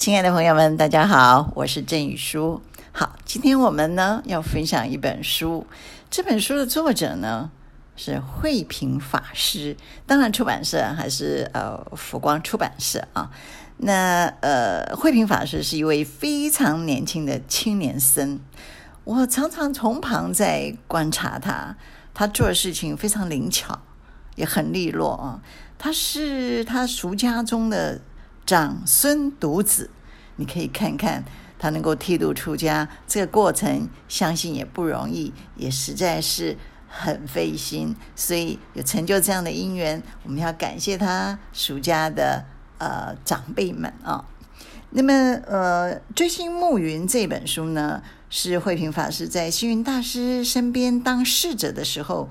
親愛的朋友們，大家好，我是鄭羽書。好，今天我們呢要分享一本書，這本書的作者呢是慧屏法師，當然出版社還是呃佛光出版社啊。那呃，慧屏法師是一位非常年輕的青年僧，我常常從旁在觀察他，他做事情非常靈巧，也很利落啊。他是他俗家中的。長孫獨子，你可以看看他能夠剃度出家這個過程，相信也不容易，也實在是很費心。所以有成就這樣的因緣，我們要感謝他俗家的呃長輩們啊。那麼呃，《追星沐雲》這本書呢，是慧屏法師在星雲大師身邊當侍者的時候，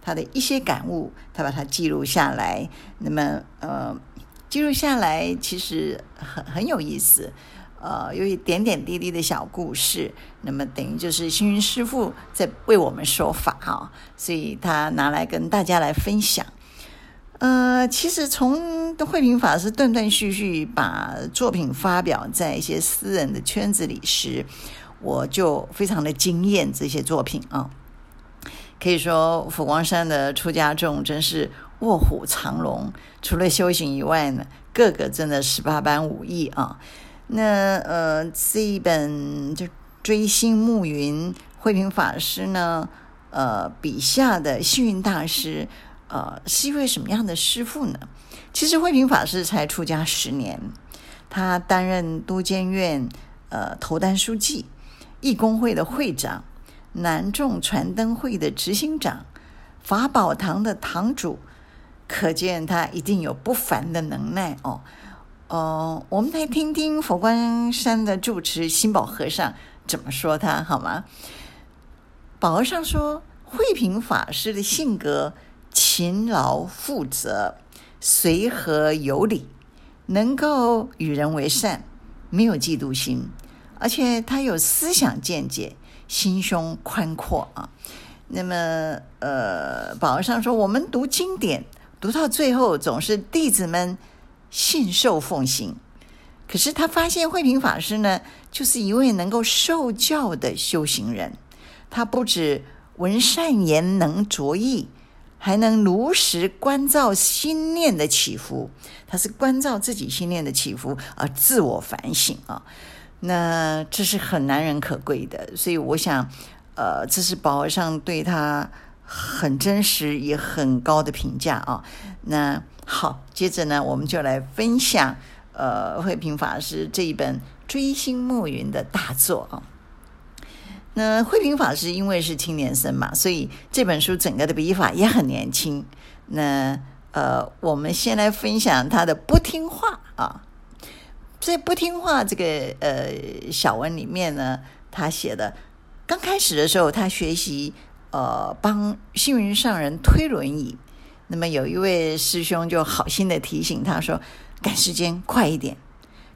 他的一些感悟，他把它記錄下來。那麼呃。記錄下來其實很很有意思，呃，有一點點滴滴的小故事，那麼等於就是星雲師父在為我們說法哈、哦，所以他拿來跟大家來分享。呃，其實從慧屏法師斷斷續續把作品發表在一些私人的圈子裡時，我就非常的驚豔這些作品啊，可以說佛光山的出家眾真是。臥虎藏龍，除了修行以外呢，個個真的十八般武藝啊！那呃，這一本就追星沐雲，慧屏法師呢，呃，筆下的星雲大師，呃，是一位什麼樣的師父呢？其實慧屏法師才出家十年，他擔任都監院呃頭單書記，義工會的會長，男眾傳燈會的執行長，法寶堂的堂主。可見他一定有不凡的能耐哦。哦，我們來聽聽佛光山的住持心保和尚怎麼說他好嗎？保和尚說：“慧屏法師的性格勤勞負責、隨和有禮，能夠與人為善，沒有嫉妒心，而且他有思想見解，心胸寬闊啊。”那麼，呃，保和尚說：“我們讀經典。”讀到最後，總是弟子們信受奉行。可是他發現慧屏法師呢，就是一位能夠受教的修行人。他不止聞善言能着意，還能如實觀照心念的起伏。他是觀照自己心念的起伏而自我反省啊。那這是很難能可貴的。所以我想，呃，這是寶和尚對他很真實也很高的評價啊！那好，接着呢，我們就來分享呃慧屏法師這一本《追星沐雲》的大作啊。那慧屏法師因為是青年僧嘛，所以這本書整個的筆法也很年輕。那呃，我們先來分享他的不聽話啊。在不聽話這個呃小文裡面呢，他寫的剛開始的時候，他學習。呃，幫星雲上人推輪椅，那麼有一位師兄就好心的提醒他說：“趕時間快一點。”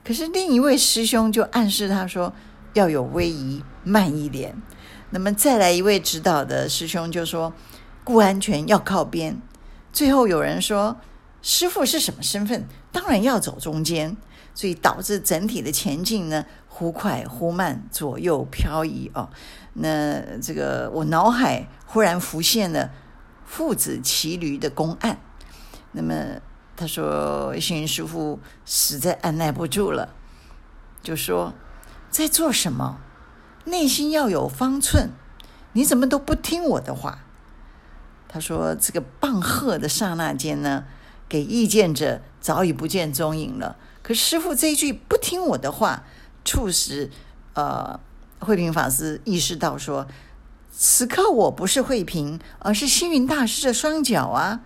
可是另一位師兄就暗示他說：“要有威儀，慢一點。”那麼再來一位指導的師兄就說：“顧安全要靠邊。”最後有人說：“師父是什麼身份？當然要走中間。”所以導致整體的前進呢，忽快忽慢，左右漂移哦。那這個我腦海忽然浮現了父子騎驢的公案。那麼他說：“星雲師父實在按捺不住了，就說在做什麼？內心要有方寸，你怎麼都不聽我的話？”他說：“這個棒喝的剎那間呢，給意見者早已不見蹤影了。可師父這一句不聽我的話。”促使，呃，慧屏法師意識到說，此刻我不是慧屏，而是星雲大師的雙腳啊。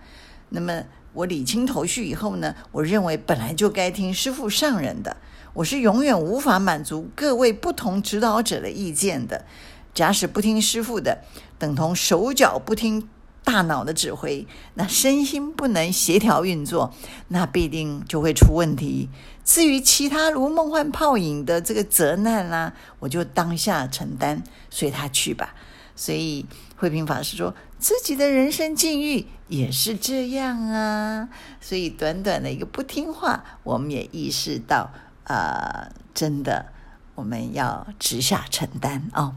那麼我理清頭緒以後呢，我認為本來就該聽師父上人的。我是永遠無法滿足各位不同指導者的意見的。假使不聽師父的，等同手腳不聽大腦的指揮，那身心不能協調運作，那必定就會出問題。至於其他如夢幻泡影的這個責難啦、啊，我就當下承擔，隨他去吧。所以慧屏法師說，自己的人生境遇也是這樣啊。所以短短的一個不聽話，我們也意識到啊、呃，真的我們要直下承擔啊、哦。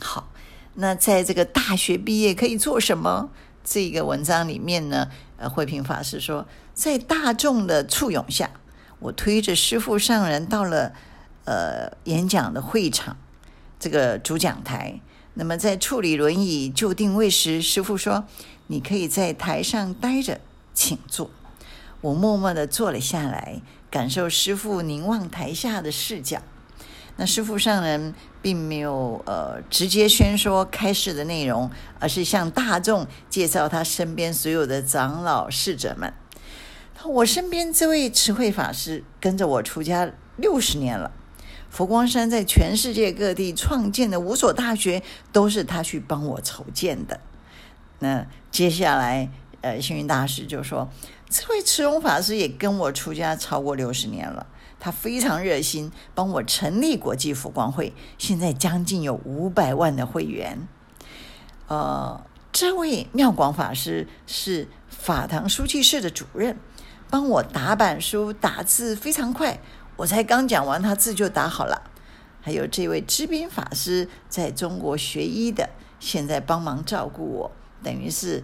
好，那在這個大學畢業可以做什麼？這個文章裡面呢，呃，慧屏法師說，在大眾的簇擁下。我推着師父上人到了，呃，演講的會場，這個主講台。那麼在處理輪椅就定位時，師父說：“你可以在台上待着，請坐。”我默默地坐了下來，感受師父凝望台下的視角。那師父上人並沒有呃直接宣說開示的內容，而是向大眾介紹他身邊所有的長老侍者們。我身邊這位慈惠法師跟着我出家六十年了，佛光山在全世界各地創建的五所大學都是他去幫我籌建的。那接下來，呃，星雲大師就說，這位慈容法師也跟我出家超過六十年了，他非常熱心幫我成立國際佛光會，現在將近有五百萬的會員。呃，這位妙廣法師是法堂書記室的主任。幫我打板書，打字非常快。我才剛講完，他字就打好了。還有這位知賓法師，在中國學醫的，現在幫忙照顧我，等於是，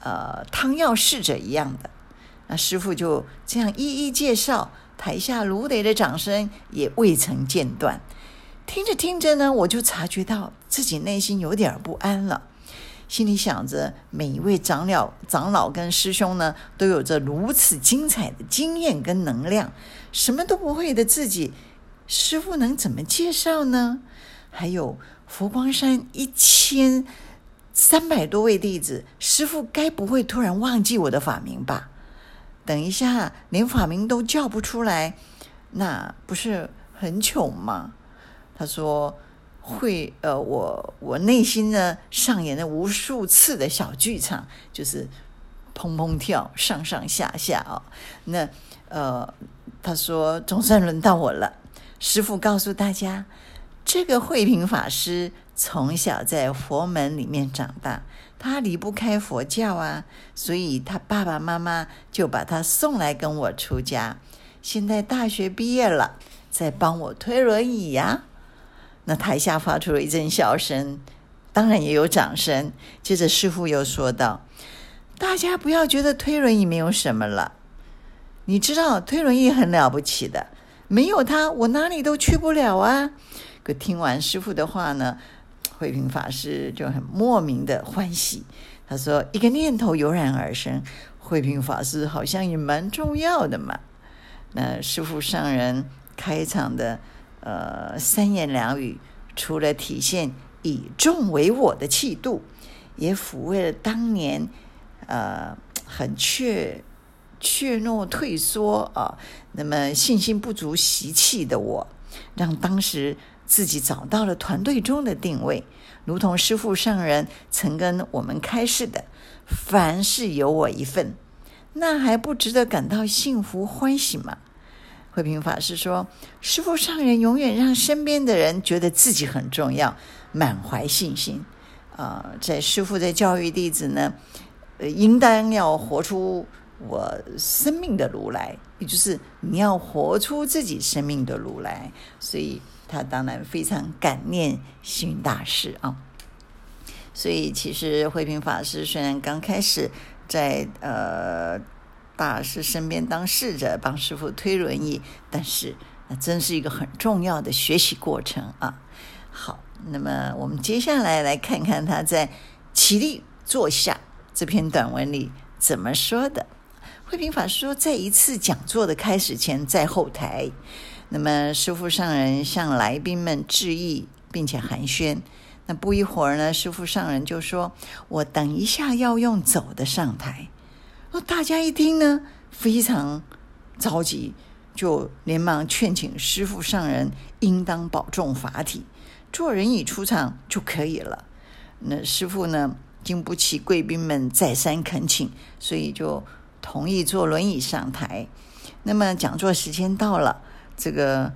呃，湯藥侍者一樣的。那師父就這樣一一介紹，台下如雷的掌聲也未曾間斷。聽着聽着呢，我就察覺到自己內心有點不安了。心裡想着，每一位長老、長老跟師兄呢，都有着如此精彩的經驗跟能量，什麼都不會的自己，師父能怎麼介紹呢？還有佛光山一千三百多位弟子，師父該不會突然忘記我的法名吧？等一下連法名都叫不出來，那不是很糗嗎？他說。會呃，我我內心呢，上演了無數次的小劇場，就是砰砰跳，上上下下哦，那呃，他說，總算輪到我了。師父告訴大家，這個慧屏法師從小在佛門裡面長大，他離不開佛教啊，所以他爸爸媽媽就把他送來跟我出家。現在大學畢業了，在幫我推輪椅呀。那台下發出了一陣笑聲，當然也有掌聲。接着師父又說道：“大家不要覺得推輪椅沒有什麼了，你知道推輪椅很了不起的，沒有它我哪裡都去不了啊。”可聽完師父的話呢，慧屏法師就很莫名的歡喜。他說：“一個念頭油然而生，慧屏法師好像也蠻重要的嘛。”那師父上人開場的。呃，三言兩語，除了體現以眾為我的氣度，也撫慰了當年，呃，很怯怯懦退縮啊，呃，那麼信心不足習氣的我，讓當時自己找到了團隊中的定位，如同師父上人曾跟我們開示的：“凡事有我一份，那還不值得感到幸福歡喜嗎？”慧屏法師說：“師父上人永遠讓身邊的人覺得自己很重要，滿懷信心。啊、呃，在師父在教育弟子呢，呃，應當要活出我生命的如來，也就是你要活出自己生命的如來。所以他當然非常感念星雲大師啊。所以其實慧屏法師雖然剛開始在呃。”大師身邊當侍者，幫師父推輪椅，但是那真是一個很重要的學習過程啊。好，那麼我們接下來來看看他在《起立坐下》這篇短文裡怎麼說的。慧屏法師說，在一次講座的開始前，在後台，那麼師父上人向來賓們致意，並且寒暄。那不一會兒呢，師父上人就說：“我等一下要用走的上台。”那大家一聽呢，非常着急，就連忙勸請師父上人應當保重法體，坐輪椅出場就可以了。那師父呢，經不起貴賓們再三懇請，所以就同意坐輪椅上台。那麼講座時間到了，這個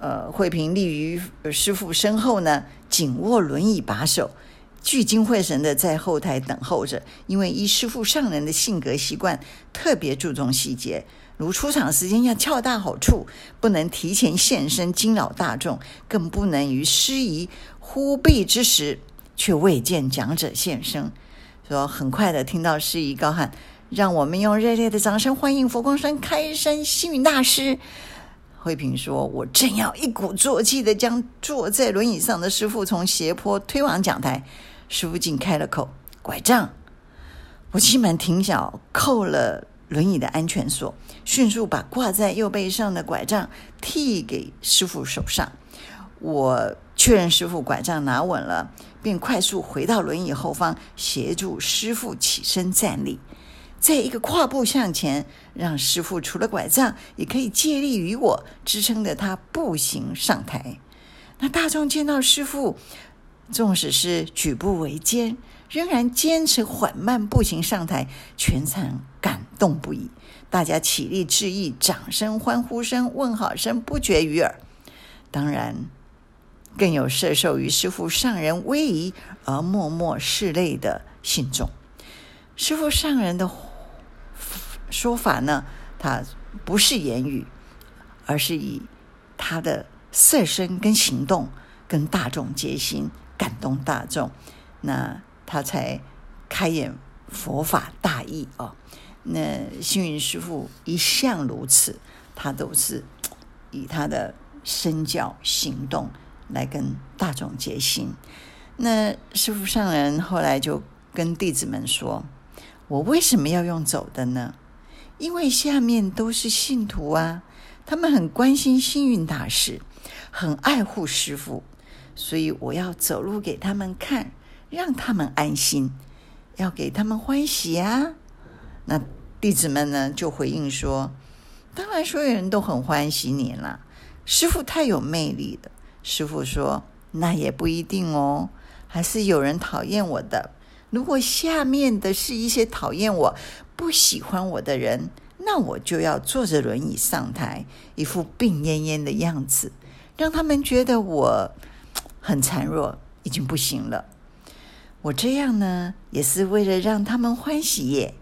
呃，慧屏立於師父身後呢，緊握輪椅把手。聚精會神的在後台等候着，因為依師父上人的性格習慣特別注重細節，如出場時間要恰到好處，不能提前現身驚擾大眾，更不能於司儀呼畢之時卻未見講者現身。說，很快的聽到司儀高喊：“讓我們用熱烈的掌聲歡迎佛光山開山星雲大師。”慧屏說：“我正要一鼓作氣的將坐在輪椅上的師父從斜坡推往講台。”師父竟開了口：“拐杖。”我急忙停腳，扣了輪椅的安全鎖，迅速把掛在右背上的拐杖遞給師父手上。我確認師父拐杖拿穩了，並快速回到輪椅後方，協助師父起身站立。在一個跨步向前，讓師父除了拐杖，也可以借力於我，支撐着他步行上台。那大眾見到師父。縱使是舉步維艱，仍然堅持緩慢步行上台，全場感動不已。大家起立致意，掌聲、歡呼聲、問好聲不絕於耳。當然，更有攝受於師父上人威儀而默默拭淚的信眾。師父上人的說法呢，他不是言語，而是以他的色身跟行動跟大眾接心。感動大眾，那他才開演佛法大義哦。那星雲師父一向如此，他都是以他的身教行動來跟大眾結心。那師父上人後來就跟弟子們說：“我為什麼要用走的呢？因為下面都是信徒啊，他們很關心星雲大師，很愛護師父。”所以我要走路給他們看，讓他們安心，要給他們歡喜啊！那弟子們呢，就回應說：“當然，所有人都很歡喜你了，師父太有魅力了。”師父說：“那也不一定哦，還是有人討厭我的。如果下面的是一些討厭我不,不喜歡我的人，那我就要坐着輪椅上台，一副病懨懨的樣子，讓他們覺得我。”很孱弱，已經不行了。我這樣呢，也是為了讓他們歡喜耶。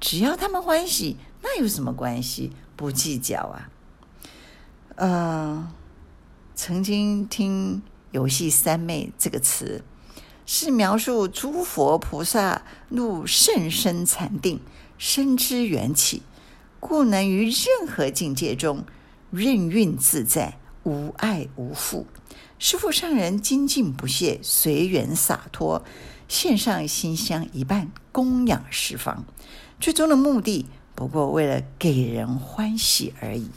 只要他們歡喜，那有什麼關係？不計較啊。嗯、呃，曾經聽“遊戲三昧”這個詞，是描述諸佛菩薩入甚深禪定，深知緣起，故能於任何境界中任運自在，無愛無負。師父上人精進不懈，隨緣灑脫，獻上心香一瓣，供養十方。最終的目的不過為了給人歡喜而已。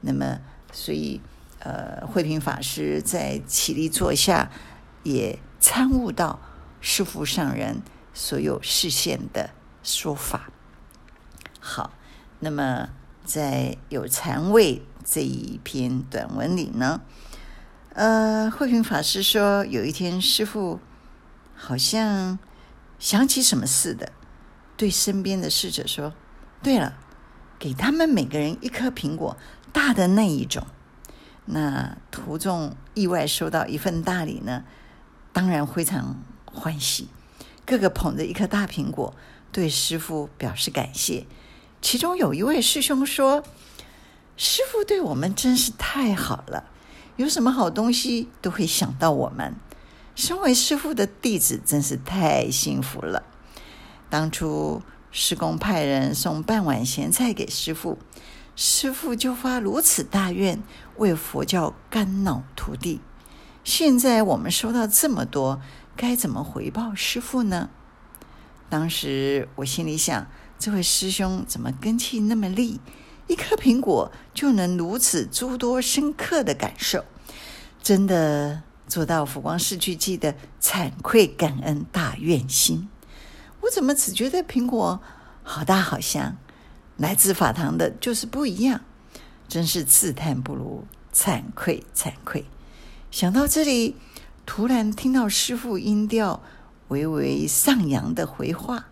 那麼，所以，呃，慧屏法師在起立坐下，也參悟到師父上人所有示現的說法。好，那麼在有禪味這一篇短文裡呢，呃，慧屏法師說，有一天師父好像想起什麼似的，對身邊的侍者說：“對了，給他們每個人一顆蘋果，大的那一種。”那徒眾意外收到一份大禮呢，當然非常歡喜，個個捧着一顆大蘋果，對師父表示感謝。其中有一位師兄說：“師父對我們真是太好了。”有什麼好東西都會想到我們，身為師父的弟子真是太幸福了。當初師公派人送半碗鹹菜給師父，師父就發如此大願，為佛教肝腦塗地。現在我們收到這麼多，該怎麼回報師父呢？當時我心裡想，這位師兄怎麼根器那麼利？一顆蘋果就能如此諸多深刻的感受，真的做到佛光四句偈的慚愧感恩大願心？我怎麼只覺得蘋果好大好香？來自法堂的就是不一樣，真是自嘆不如，慚愧慚愧。想到這裡，突然聽到師父音調微微上揚的回話：“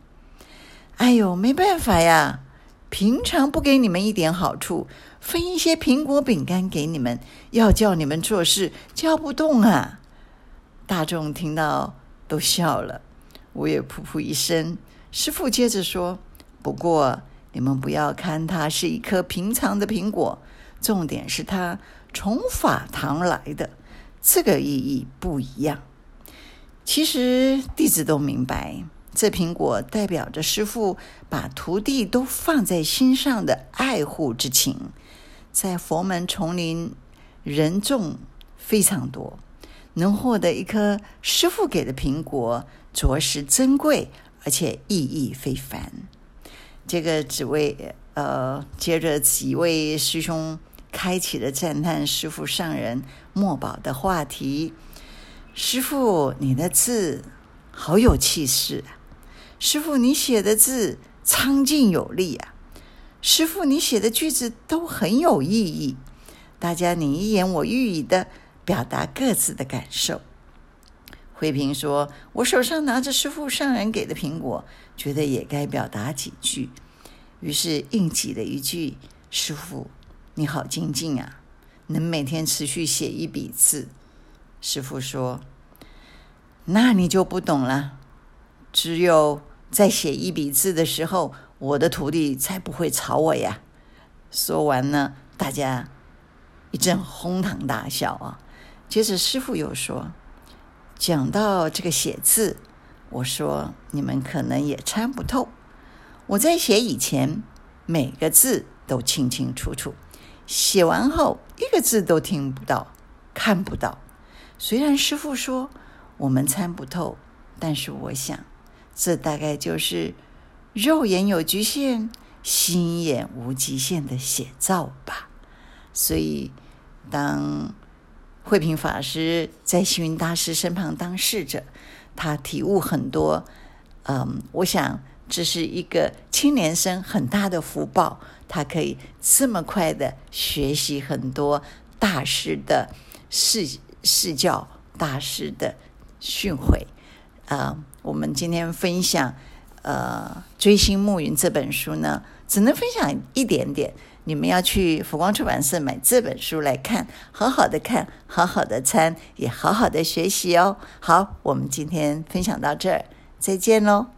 哎呦，沒辦法呀。”平常不給你們一點好處，分一些蘋果餅乾給你們，要叫你們做事，叫不動啊！大眾聽到都笑了，我也噗噗一聲。師父接着說：“不過你們不要看它是一顆平常的蘋果，重點是它從法堂來的，這個意義不一樣。其實弟子都明白。”這蘋果代表着師父把徒弟都放在心上的愛護之情，在佛門叢林，人眾非常多，能獲得一顆師父給的蘋果，着實珍貴，而且意義非凡。這個只為呃，接着幾位師兄開啟了讚歎師父上人墨寶的話題。師父，你的字好有氣勢啊！師父，你寫的字蒼勁有力啊！師父，你寫的句子都很有意義。大家你一言我一語的表達各自的感受。慧屏說：“我手上拿着師父上人給的蘋果，覺得也該表達幾句。”於是硬擠了一句：“師父，你好精進啊，能每天持續寫一筆字。”師父說：“那你就不懂了，只有。”在寫一筆字的時候，我的徒弟才不會吵我呀。說完呢，大家一陣哄堂大笑啊。接着師父又說：“講到這個寫字，我說你們可能也參不透。我在寫以前，每個字都清清楚楚；寫完後，一個字都聽不到、看不到。雖然師父說我們參不透，但是我想。”這大概就是肉眼有侷限，心眼無極限的寫照吧。所以，當慧屏法師在星雲大師身旁當侍者，他體悟很多。嗯，我想這是一個青年生很大的福報，他可以這麼快的學習很多大師的示示教、大師的訓誨。啊，uh, 我們今天分享，呃，《追星沐雲》這本書呢，只能分享一點點。你們要去佛光出版社買這本書來看，好好的看，好好的參，也好好的學習哦。好，我們今天分享到這兒，再見嘍。